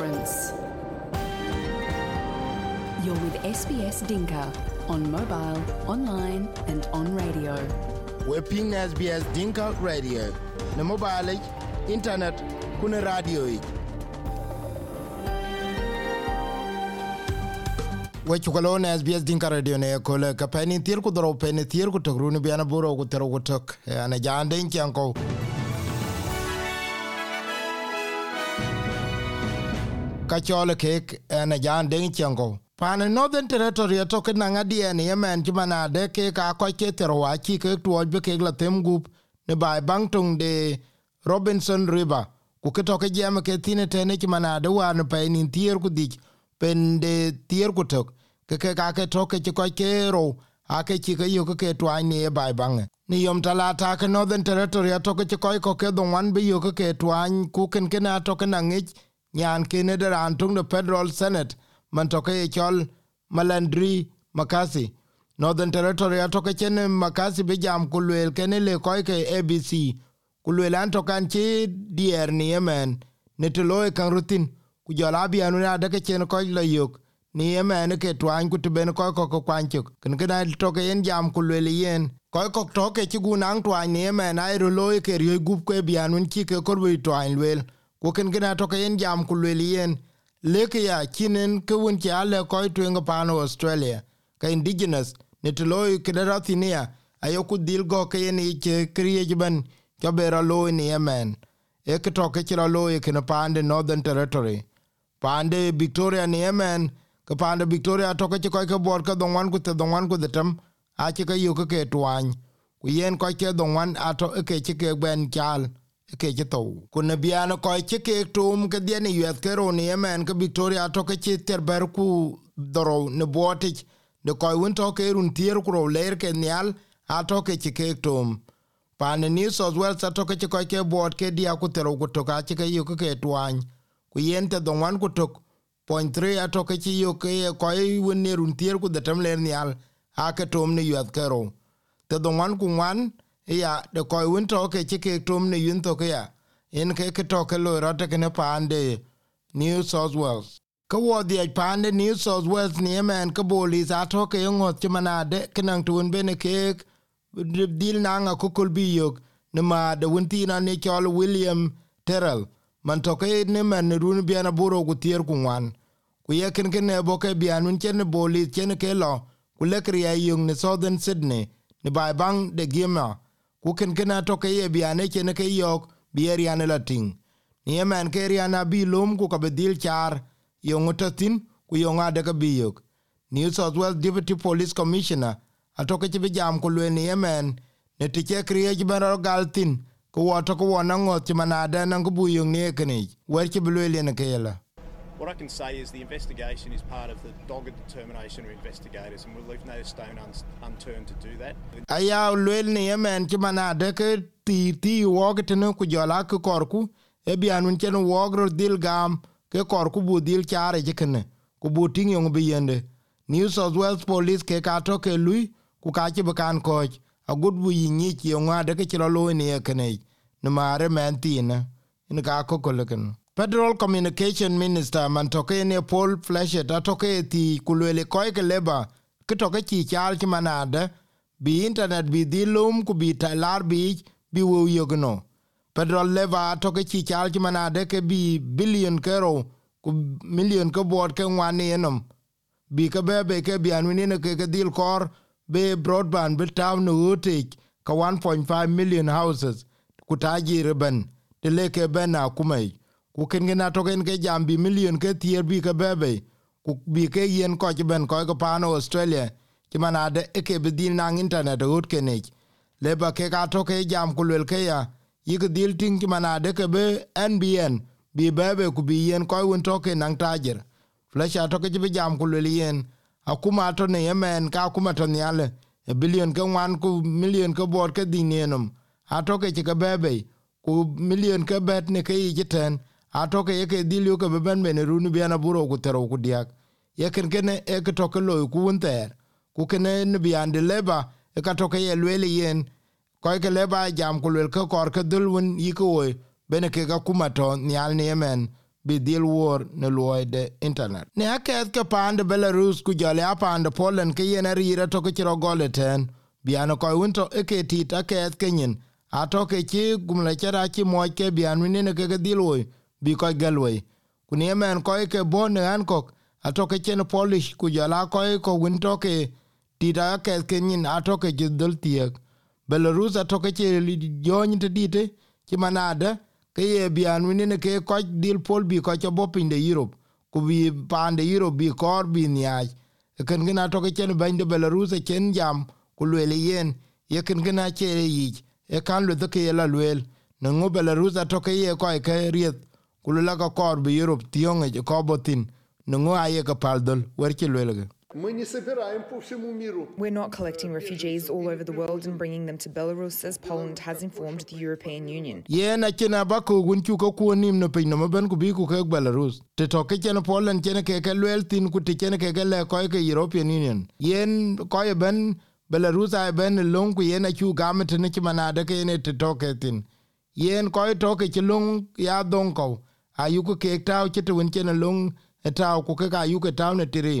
difference. You're with SBS Dinka on mobile, online, and on radio. We're ping SBS Dinka Radio. Na mobile, internet, kuna radio. we chukalo na SBS Dinka Radio ne kole kapeni tier ku doro peni tier ku tokru ni biana buro ku tero ku tok eh, ana jande inkianko. ka chole kek ene jan deng chengo pane northern territory e to ke na ngadien yemen ti mana de ke ka ko ke terwa ki ke tuoj be ke la tem gup ne bai bangtung de robinson river ku ke to ke jam ke tine tene ti mana de wa ne pe ni tier ku dik pen de tier ku tok ke ke ka ke ro a ke ti ke yo ke tuaj e bai bange ni yom talata ke northern territory e to ke ti ko ke do wan be yo ke tuaj ku ken ke na na ngich nyan kene de ran tung the federal senate man toke ye chol malandri makasi northern territory atoke chene makasi be jam kulwel kene le koike abc kulwel an tokan chi dier ni yemen ne tuloy kan rutin ku jola anu na de chen ko lo yok ni yemen ke twan ku tben ko ko ko kwanchuk kin gna toke yen jam kulwel yen koy kok toke ci gunang twan ni yemen ay e ru loy ke ri gup ke bi ki ke korbi twan wel ku gina gena to jam kulweli yen leke ya kinen ke won ke ale koi to en pa australia ka indigenous ni tuloi kidara thinia ayoku tinia go ke ni ke kriye ban ke bera ni yemen eke toke to loi kina pande northern territory pande victoria ni yemen ka pande victoria toke ke ko ke bor ka donwan kutha te kutha tam ache ka yuka ke ke kuyen ku ke donwan ato ke chike ke ben chal ke ke to ku ne bian ko ke ke tum ke de ne yet ke ro ne men ke victoria to ke ke ter ber ku doro ne boti ne ko un to ke run tier ku ro ler ke nyal a to ke ke ke tum pan ni so wel sa to ke ke ko ke bot ke dia ku tero ku to ka ke ke yu ke twan ku yen te don wan ku to point 3 a to ke ke yu ke ko un ne run tier ku de tem ler nyal a ke tum ne yet ke ro te don wan ku wan ya de koy win to ke ti ke tum ne yin to ke ya en ke ke to ke lo ro te ne pande new south wales ko wo di pande new south wales ni men ko boli za to ke ngo ti mana de ke nan tun be ne ke dil na nga ku kul bi yo ne ma de win ti na ne chol william terrell man to ke ne men ne run bi na buro ku tier ku wan ku ye ken ken ne bo ke bi anun chen ne boli chen ke lo ku le kriya yung ne southern sydney ne bai bang de gima ku ken kena to ke ye biane chen ke yok bieriane la ting ni man ke a bi lum ku ka dil char yongo tin ku yonga de ka biyok New South Wales Deputy Police Commissioner atoke bi jam ku lwe ni man ne ti che kriye ci ben gal tin ku wo to ku wo na ngot ci manade na ku buyung ni wer ci bi lwe ke keyela What I can say is the investigation is part of the dogged determination of investigators, and we'll leave no stone unturned to do that. Aya ulwel ni yemen chimana deke ti ti wog tene ku jola ku korku e bian un chen wog dil gam ke korku bu dil chare jikene ku bu ting yong bi yende New South Wales Police ke ka to ke lui ku ka chi bakan koch a gud bu yinyi chi yong ade ke chiro lo ni ekene ne mare men tine ne Federal Communication Minister man toke ne Paul Fletcher ta toke ti kulwele koi ke leba ke toke chi chal ki manade bi internet bi di lum ku bi talar bi bi wu yogno. Federal leva toke chi chal ki manade ke bi billion kero ku million ke board ke ngwani enom. Bi ke bebe ke bi anwini ke ke dil kor be broadband be town utik ka 1.5 million houses kutaji riben. Tele ke bena kumei ku ken gena token ke jambi million ke tier bi ke bebe ku bi ke yen ko ke ben ko ko pano australia ki manade e ke bi din nang internet ut ke ne le ba ke ka to ke jam ku le ya yi ke dil tin ki manade ke be nbn bi bebe ku bi yen ko un to ke nang tajer flesha to ke bi jam ku le yen akuma to ne yemen ka kuma to ne ale e billion ke wan ku million ke bor ke din atoke ke bebe ku million ke bet ne ke yi ten a toke ye ke dil yo ke beben be ne runu biana buro ku tero ku diak ye ken ken e ke toke lo ku un ter ku ken ne bian de leba e ka toke ye lele yen ko ke leba jam ku le ke kor ke dul un yi ko be ne ke ga ku ma to nyal ne men bi dil wor ne loy de internet ne a ke ke pan de belarus ku ga le a pan de polen ke ye ne ri re toke tro gole ten biana ko un to e ke ti ta ke ke nyin a toke ti gum le ke ra ti mo ke bian ne ne ke ga dil wo bi ko galway ku ne men ko ke bon an ko ato ke chen polish ku ja la ko ko win to ke ti da ke ke ni na to ke ji dol ti ek belarus ato ke che li jo ni te di te ki manade ke ye bi an ni ne ke ko dil pol bi ko cho bo pin de europe ku bi pan de europe bi kor bi ni a ken gina to ke chen ban de belarus e chen jam ku le yen ye ken gina che yi e kan lu de ke la luel Nungu Belarus atoke ye kwa ike rieth kulu ka kor bi Europe tiong e ko botin nungo aye ka paldol wer ki We're not collecting refugees all over the world and bringing them to Belarus as Poland has informed the European Union. Yeah, na kena baku ku gun chu ko ku nim no pe no ben ku bi ku ke Belarus. Te to ke Poland chena ke ke lwel tin ku te chen ke ke le ko ke European Union. Yen ko ye ben Belarus ay ben long ku ye na chu ga met ne chi manade ke ne te to tin. Yen ko to chilung ya don kau. ayuku kek tau chete wen chene long etau ku keka ayuke tau ne tiri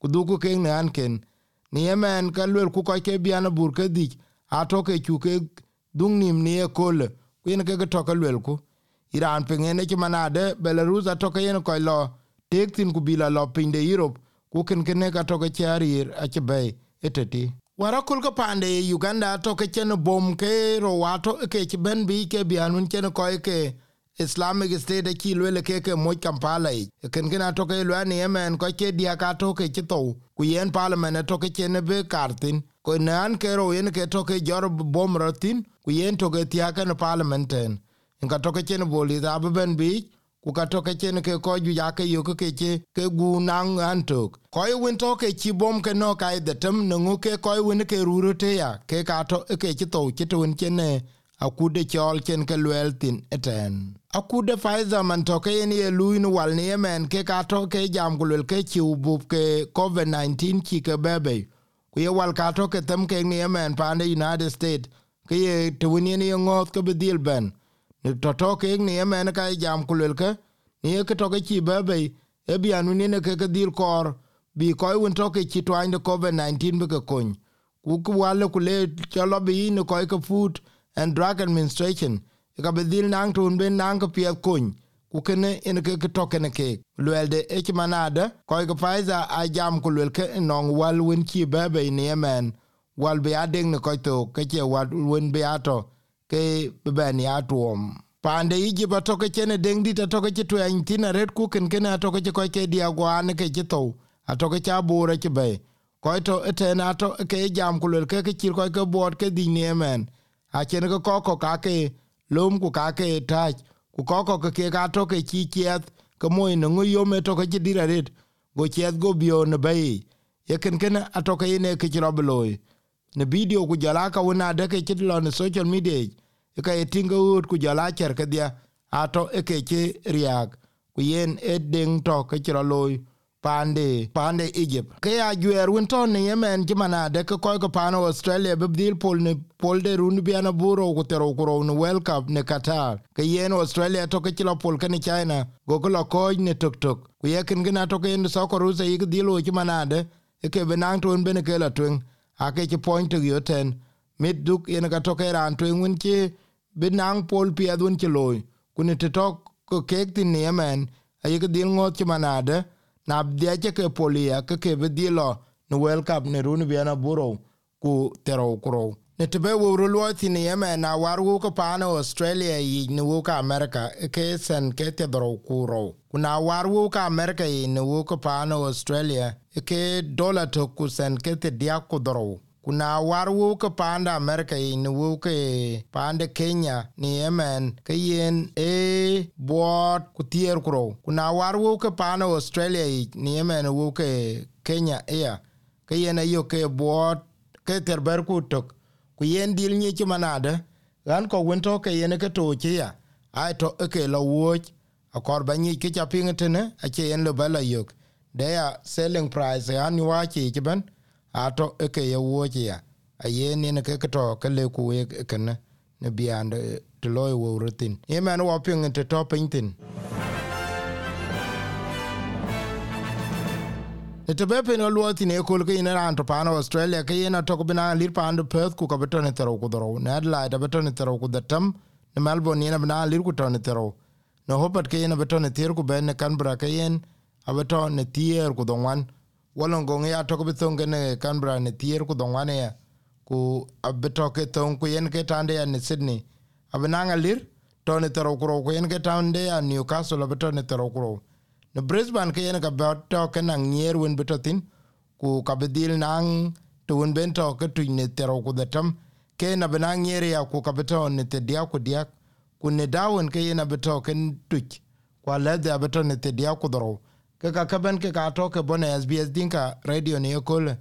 ku dhuku kek ne anken ni emen ka lwel ku koi ke biana bur ke dhich atoke chu ke dung nim ni e kole ku yen keke toke lwel ku Iran pengen e chimanade Belarus a atoke yen koi lo tek tin ku bila lo pinde Europe ku ken kene ka toke charir achibay eteti. wara kulka pande Uganda toke chene bom ke rowato ke chiben bi ke bianun chene koi ke islamic state aci e luel keke moc kampala yic e. ekenken atoke luani emɛn kɔc ke diak atoke ci thou ku yen parliament atoke e cien be kar thin ko ne an ke rou yen ke toke jɔr bom rɔ thin ku yen toke thiaken parliament ten enka toke cien bol ith abeben biic ku ka toke cien ke kɔc juic ake yok kece ke gu naŋ an tok kɔc wen toke ci bom ke nɔ kai dhetem neŋu ke kɔc wen ke ruru te ya ke ka to ke ci thou ci tewen ciene akude cɔl cien ke luɛɛl thin eten akude faidha man toke yen ye lui nu wal ni men ke ka to ke jam gulul ke ci ubub ke covid 19 ci ke bebe ku ye wal ka to ke tem ke ni men pa ne united state ke ye to ni ni ngot ke bi dil ben ni to to ke ni men ka jam gulul ke ni e ke to ke ci bebe e bi anu ni ne ke ke dil kor bi ko u to ke ci to an covid 19 be ke kun ku ku wal ku le cha lo bi ni ko ke food and drug administration ka be dhil nang tun ben nang ke pie kun ku kene en ke ke to kene ke lwelde e ki manade ko ke a jam ku lwel ke non wal wen ci be be ne men wal be adeng ne kɔc to ke ke wat wen be tɔ ke be bɛn ya tuɔɔm iji ba toke chene deng deŋ toke che ci tuɛɛny tina red ku ken ken atoke che ke dia gwan ke ci thou atoke cha bure che bɛi kɔc to eten ato ke jam ku lwel ke ke chir ko ke bot ke di ne men a chen ko ko lom ku ka ke ku ko ko ke ga to ke chi chet ke moy no ngi yo me to ke dira red go chet go bio ne bay ye ken ken a to ke ne ke ro bloy ne video ku jara ka una de ke ti lo ne social media e ka ye tinga ut ku jara cher ke dia a to e ke ke riak ku yen e ding to ke ro loy pande pande Egypt Kaya juer winter ni ne yemen jimana de ko ko pano Australia be pol ni pol de run bi ana buro ko tero ko World Cup ni Qatar Kaya yen Australia toke chila pol kani China go ko ni tuk tuk. tok ku ye ken gina to e ke ne so ko ruse yig dilo jimana de ke benang ton bene kela la tun chi point to ten mid duk yen ka to ke ran tun win chi benang pol pi adun ti loy ku ne tok ko kek tin yemen ayig dil ngot jimana de na dhiache ke polia ke ke be lo ne world cup ne run bi na buro ku tero kro ne tebe wo ru lo ti ne yeme na war wo ko pa na australia yi ne wo ka america e ke sen ke te dro ku ro ku war wo ka america yi ne wo ko pa na australia e ke dollar to ku sen ke te dia ku dro kuna war wo ke pande amerika yin wo ke pande kenya ni yemen ke yen e bot ku tier kro kuna war wo ke pande australia yi ni yemen wo e kenya e e ya ke yen ayo ke bot ke terber ku tok ku yen dil ni ki manade gan ko wento ke yen ke to ti ya ai to ke lo wo akor ba ni ke cha pingetene a che yen lo bala yok they selling price annual chi ben ato eke ye woche ya aye ni ne ke to ke le ku ye ke ne ne bi an de to e ye wo rutin ye man wo pin te to pin tin ne te be bepe no luo tin e kul ke ne ran to pano australia ke ye na to ko bina lir pan do perth ku ka be to ne tero ku doro ne la e da be to ne tero ku da tam ne melbourne ne bina lir ku to ne tero no hopat ke ye na be to ne tier ku be ne kan bra ke ina abeto ne tier ku do ngwan wolon gong ya to be thong ne canbra ne tier ku don wane ku abeto ke thong ku yen ke tande ya ne sydney abnanga lir to ne tero ku ku yen ke tande ya newcastle abeto ne tero ku ne brisbane ke yen ka beto ke na ngier wen beto tin ku ka bedil nang to wen bento ke tu ne tero ku datam ke na bena ngier ya ku ka beto ne te dia ku dia ku ne dawen ke yen abeto ke tuch kwa lede abeto ne te dia ku doro ke ka kaben ke ka to ke bone SBS Dinka radio ne yokole